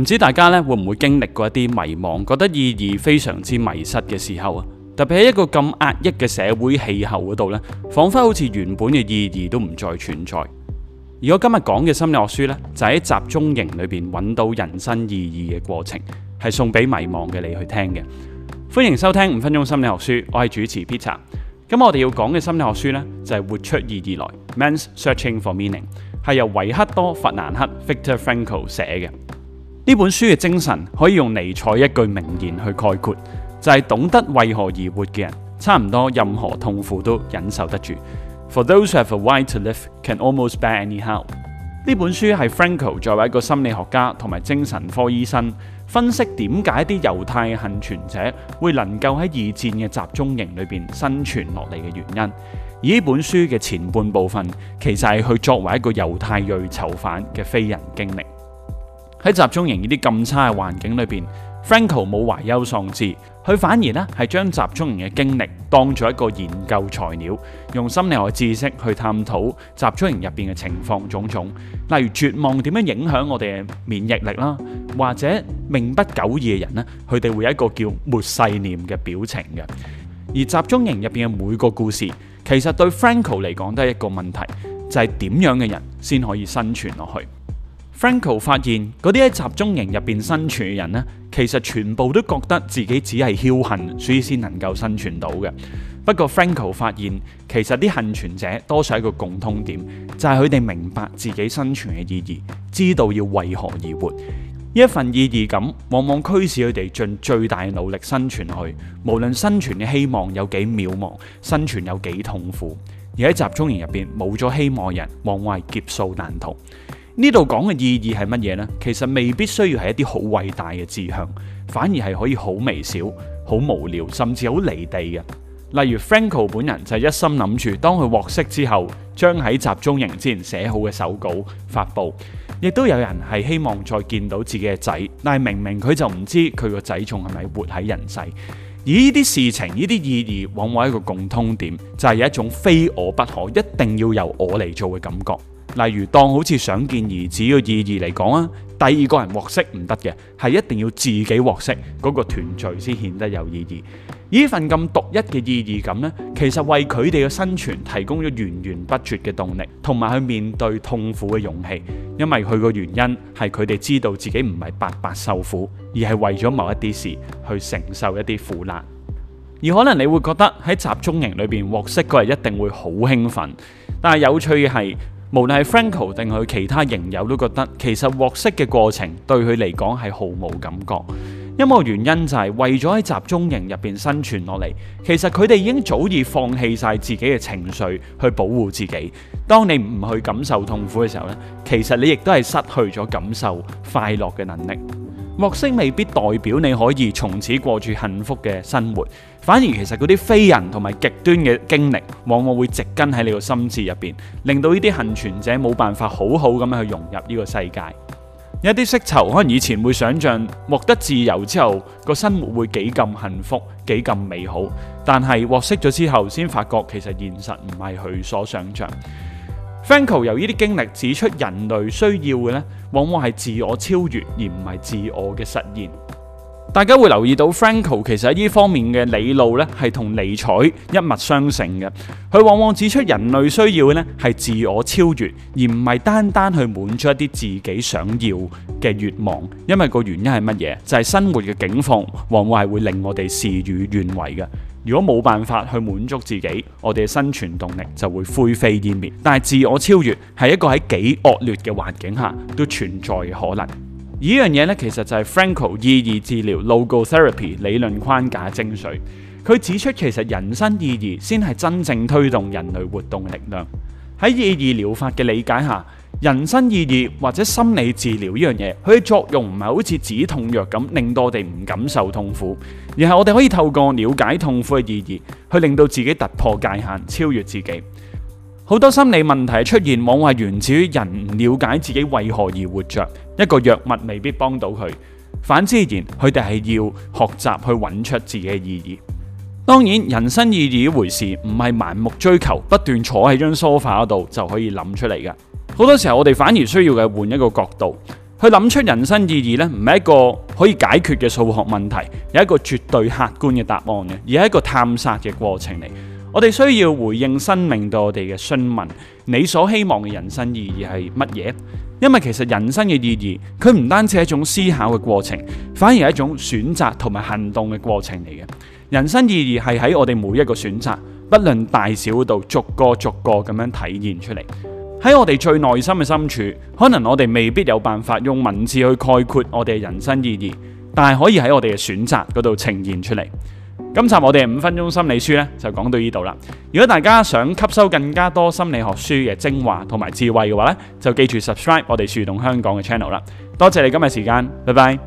唔知大家咧，會唔會經歷過一啲迷茫，覺得意義非常之迷失嘅時候啊？特別喺一個咁壓抑嘅社會氣候嗰度咧，彷彿好似原本嘅意義都唔再存在。而我今日講嘅心理學書咧，就喺集中營裏邊揾到人生意義嘅過程，係送俾迷茫嘅你去聽嘅。歡迎收聽五分鐘心理學書，我係主持 Peter。今日我哋要講嘅心理學書呢，就係活出意義來《Man’s Searching for Meaning》，係由維克多弗蘭克 Viktor Frankl 寫嘅。呢本書嘅精神可以用尼采一句名言去概括，就係懂得為何而活嘅人，差唔多任何痛苦都忍受得住。For those who have a why to live, can almost bear any help。呢本書係 Frankl 作為一個心理學家同埋精神科醫生，分析點解啲猶太幸存者會能夠喺二戰嘅集中營裏邊生存落嚟嘅原因。而呢本書嘅前半部分，其實係佢作為一個猶太裔囚犯嘅非人經歷。喺集中營呢啲咁差嘅環境裏邊，Frankl 冇懷憂喪志，佢反而咧係將集中營嘅經歷當作一個研究材料，用心理學嘅知識去探討集中營入邊嘅情況種種，例如絕望點樣影響我哋嘅免疫力啦，或者命不久矣嘅人咧，佢哋會有一個叫沒世念嘅表情嘅。而集中營入邊嘅每個故事，其實對 Frankl 嚟講都係一個問題，就係、是、點樣嘅人先可以生存落去。Frankl 發現嗰啲喺集中營入面生存嘅人呢，其實全部都覺得自己只係僥倖，所以先能夠生存到嘅。不過 Frankl 發現，其實啲幸存者多數一個共通點，就係佢哋明白自己生存嘅意義，知道要為何而活。一份意義感，往往驅使佢哋盡最大努力生存去，無論生存嘅希望有幾渺茫，生存有幾痛苦。而喺集中營入面，冇咗希望嘅人，往往係劫數難逃。呢度講嘅意義係乜嘢呢？其實未必需要係一啲好偉大嘅志向，反而係可以好微小、好無聊，甚至好離地嘅。例如 Frankl 本人就一心諗住，當佢獲釋之後，將喺集中營之前寫好嘅手稿發布。亦都有人係希望再見到自己嘅仔，但係明明佢就唔知佢個仔仲係咪活喺人世。而呢啲事情，呢啲意義，往往一個共通點就係、是、有一種非我不可，一定要由我嚟做嘅感覺。例如當好似想見兒子嘅意義嚟講啊，第二個人獲釋唔得嘅，係一定要自己獲釋嗰個團聚先顯得有意義。呢份咁獨一嘅意義感呢，其實為佢哋嘅生存提供咗源源不絕嘅動力，同埋去面對痛苦嘅勇氣。因為佢個原因係佢哋知道自己唔係白白受苦，而係為咗某一啲事去承受一啲苦難。而可能你會覺得喺集中營裏邊獲釋嗰人一定會好興奮，但係有趣嘅係。無論係 Frankl 定佢其他營友都覺得，其實獲釋嘅過程對佢嚟講係毫無感覺。因為原因就係為咗喺集中營入邊生存落嚟，其實佢哋已經早已放棄晒自己嘅情緒去保護自己。當你唔去感受痛苦嘅時候呢，其實你亦都係失去咗感受快樂嘅能力。獲釋未必代表你可以從此過住幸福嘅生活，反而其實嗰啲非人同埋極端嘅經歷，往往會植根喺你個心智入邊，令到呢啲倖存者冇辦法好好咁樣去融入呢個世界。有一啲釋囚可能以前會想象獲得自由之後個生活會幾咁幸福，幾咁美好，但係獲釋咗之後，先發覺其實現實唔係佢所想象。Frankl 由呢啲經歷指出，人類需要嘅呢，往往係自我超越，而唔係自我嘅實現。大家會留意到，Frankl 其實喺呢方面嘅理路呢，係同尼采一脈相承嘅。佢往往指出人類需要嘅呢，係自我超越，而唔係單單去滿足一啲自己想要嘅願望。因為個原因係乜嘢？就係生活嘅境況往往係會令我哋事與願違嘅。如果冇辦法去滿足自己，我哋嘅生存動力就會灰飛煙滅。但係自我超越係一個喺幾惡劣嘅環境下都存在嘅可能。這件事呢樣嘢咧，其實就係 Frankl 意義治療 （Logotherapy） 理論框架精髓。佢指出，其實人生意義先係真正推動人類活動嘅力量。喺意義療法嘅理解下，人生意義或者心理治療呢樣嘢，佢嘅作用唔係好似止痛藥咁，令到我哋唔感受痛苦。而係我哋可以透過了解痛苦嘅意義，去令到自己突破界限，超越自己。好多心理問題出現，往往係源自於人唔了解自己為何而活着。一個藥物未必幫到佢，反之而，佢哋係要學習去揾出自己嘅意義。當然，人生意義呢回事唔係盲目追求，不斷坐喺張梳化嗰度就可以諗出嚟嘅。好多時候我哋反而需要嘅換一個角度去諗出人生意義咧，唔係一個可以解決嘅數學問題，有一個絕對客觀嘅答案嘅，而係一個探索嘅過程嚟。我哋需要回應生命對我哋嘅詢問，你所希望嘅人生意義係乜嘢？因為其實人生嘅意義，佢唔單止係一種思考嘅過程，反而係一種選擇同埋行動嘅過程嚟嘅。人生意義係喺我哋每一個選擇，不論大小度，逐個逐個咁樣體現出嚟。喺我哋最內心嘅深處，可能我哋未必有辦法用文字去概括我哋嘅人生意義，但係可以喺我哋嘅選擇嗰度呈現出嚟。今集我哋五分鐘心理書呢，就講到呢度啦。如果大家想吸收更加多心理學書嘅精華同埋智慧嘅話呢，就記住 subscribe 我哋樹洞香港嘅 channel 啦。多謝你今日時間，拜拜。